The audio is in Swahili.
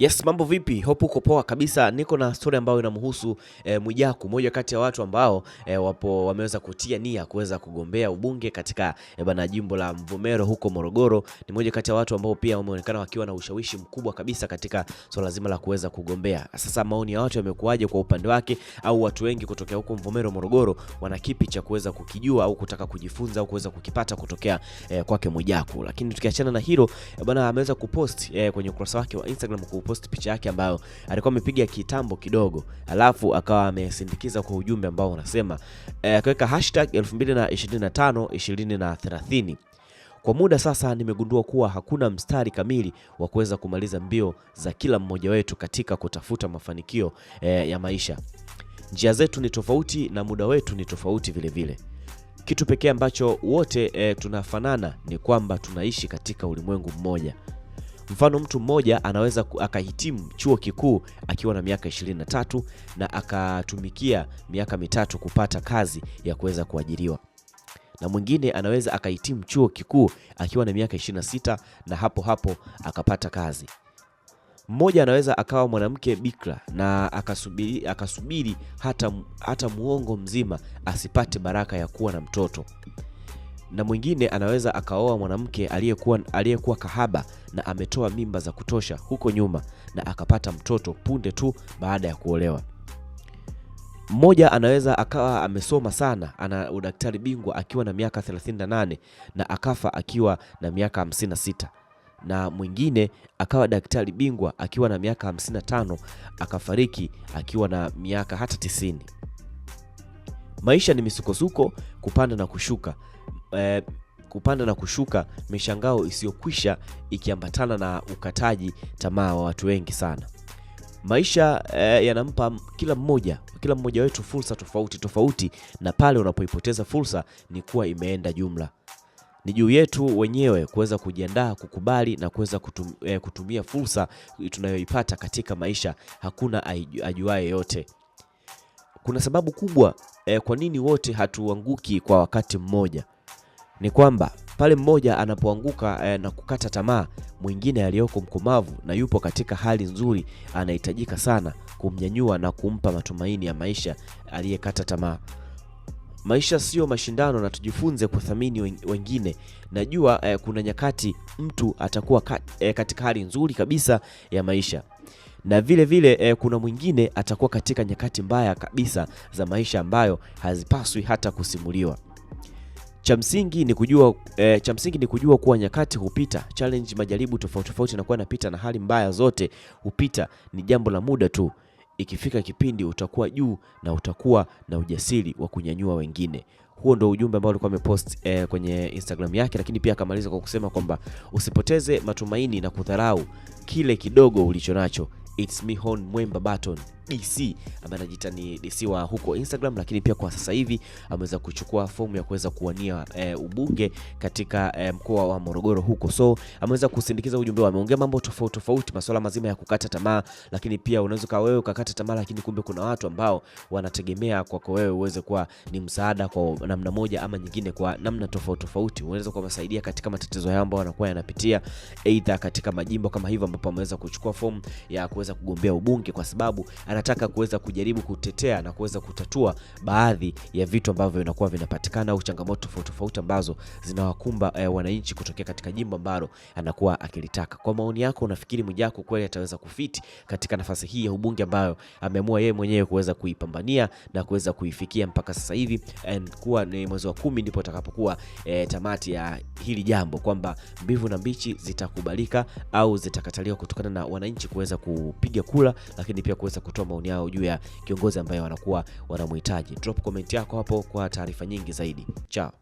Yes, mambo vipi? Hope uko poa kabisa. Niko na story ambayo inamhusu e, Mwijaku, mmoja kati ya watu ambao e, wapo wameweza kutia nia kuweza kugombea ubunge katika e, bana jimbo la Mvomero huko Morogoro. Ni mmoja kati ya watu ambao pia wameonekana wakiwa na ushawishi mkubwa kabisa katika swala zima la kuweza kugombea. Sasa maoni ya watu yamekuwaje kwa upande wake, au watu wengi kutokea huko Mvomero Morogoro wana kipi cha kuweza kukijua au kutaka kujifunza au kuweza kukipata kutokea e, kwake Mwijaku? Lakini tukiachana na hilo e, bana ameweza kupost e, kwenye ukurasa wake wa Instagram alipost picha yake ambayo alikuwa amepiga kitambo kidogo, alafu akawa amesindikiza kwa ujumbe ambao unasema e, akaweka hashtag 2025 2030. Kwa muda sasa nimegundua kuwa hakuna mstari kamili wa kuweza kumaliza mbio za kila mmoja wetu katika kutafuta mafanikio e, ya maisha. Njia zetu ni tofauti na muda wetu ni tofauti vile vile. Kitu pekee ambacho wote e, tunafanana ni kwamba tunaishi katika ulimwengu mmoja. Mfano, mtu mmoja anaweza akahitimu chuo kikuu akiwa na miaka 23 na akatumikia miaka mitatu kupata kazi ya kuweza kuajiriwa na mwingine anaweza akahitimu chuo kikuu akiwa na miaka 26 na hapo hapo akapata kazi. Mmoja anaweza akawa mwanamke bikra na akasubiri, akasubiri hata, hata muongo mzima asipate baraka ya kuwa na mtoto na mwingine anaweza akaoa mwanamke aliyekuwa aliyekuwa kahaba na ametoa mimba za kutosha huko nyuma na akapata mtoto punde tu baada ya kuolewa. Mmoja anaweza akawa amesoma sana, ana udaktari bingwa akiwa na miaka 38 na akafa akiwa na miaka 56 na mwingine akawa daktari bingwa akiwa na miaka 55 akafariki akiwa na miaka hata tisini. Maisha ni misukosuko, kupanda na kushuka, eh, kupanda na kushuka, mishangao isiyokwisha ikiambatana na ukataji tamaa wa watu wengi sana. Maisha eh, yanampa kila mmoja kila mmoja wetu fursa tofauti tofauti, na pale unapoipoteza fursa ni kuwa imeenda jumla. Ni juu yetu wenyewe kuweza kujiandaa, kukubali na kuweza kutum, eh, kutumia fursa tunayoipata katika maisha. Hakuna ajuaye yote. Kuna sababu kubwa eh, kwa nini wote hatuanguki kwa wakati mmoja ni kwamba pale mmoja anapoanguka eh, na kukata tamaa, mwingine aliyoko mkomavu na yupo katika hali nzuri anahitajika sana kumnyanyua na kumpa matumaini ya maisha aliyekata tamaa. Maisha siyo mashindano, na tujifunze kuthamini wengine. Najua eh, kuna nyakati mtu atakuwa kat, eh, katika hali nzuri kabisa ya maisha na vile vile eh, kuna mwingine atakuwa katika nyakati mbaya kabisa za maisha ambayo hazipaswi hata kusimuliwa. Cha msingi ni kujua e, cha msingi ni kujua kuwa nyakati hupita, challenge, majaribu tofauti tofauti nakuwa napita na hali mbaya zote hupita, ni jambo la muda tu. Ikifika kipindi utakuwa juu na utakuwa na ujasiri wa kunyanyua wengine. Huo ndio ujumbe ambao alikuwa amepost e, kwenye Instagram yake, lakini pia akamaliza kwa kusema kwamba usipoteze matumaini na kudharau kile kidogo ulicho nacho. It's Hon Mwemba Barton. DC ambaye anajiita ni DC wa huko Instagram, lakini pia kwa sasa hivi ameweza kuchukua fomu ya kuweza kuwania e, ubunge katika e, mkoa wa Morogoro huko. So ameweza kusindikiza ujumbe, ameongea mambo tofauti tofauti, masuala mazima ya kukata tamaa, lakini pia unaweza kwa wewe ukakata tamaa, lakini kumbe kuna watu ambao wanategemea kwako wewe uweze kuwa ni msaada kwa namna moja ama nyingine, kwa namna tofauti tofauti, unaweza kuwasaidia katika matatizo yao ambao wanakuwa yanapitia, aidha katika majimbo kama hivyo ambapo ameweza kuchukua fomu ya kuweza kugombea ubunge kwa sababu ana anataka kuweza kujaribu kutetea na kuweza kutatua baadhi ya vitu ambavyo vinakuwa vinapatikana au changamoto tofauti tofauti ambazo zinawakumba eh, wananchi kutokea katika jimbo ambalo anakuwa akilitaka. Kwa maoni yako, unafikiri Mwijaku kweli ataweza kufiti katika nafasi hii ya ubunge ambayo ameamua yeye mwenyewe kuweza kuipambania na kuweza kuifikia mpaka sasa hivi, kuwa ni mwezi wa kumi ndipo atakapokuwa eh, tamati ya hili jambo kwamba mbivu na mbichi zitakubalika au zitakataliwa kutokana na wananchi kuweza kupiga kula, lakini pia kuweza kutoa maoni yao juu ya kiongozi ambaye wanakuwa wanamhitaji. Drop comment yako hapo kwa taarifa nyingi zaidi. Chao.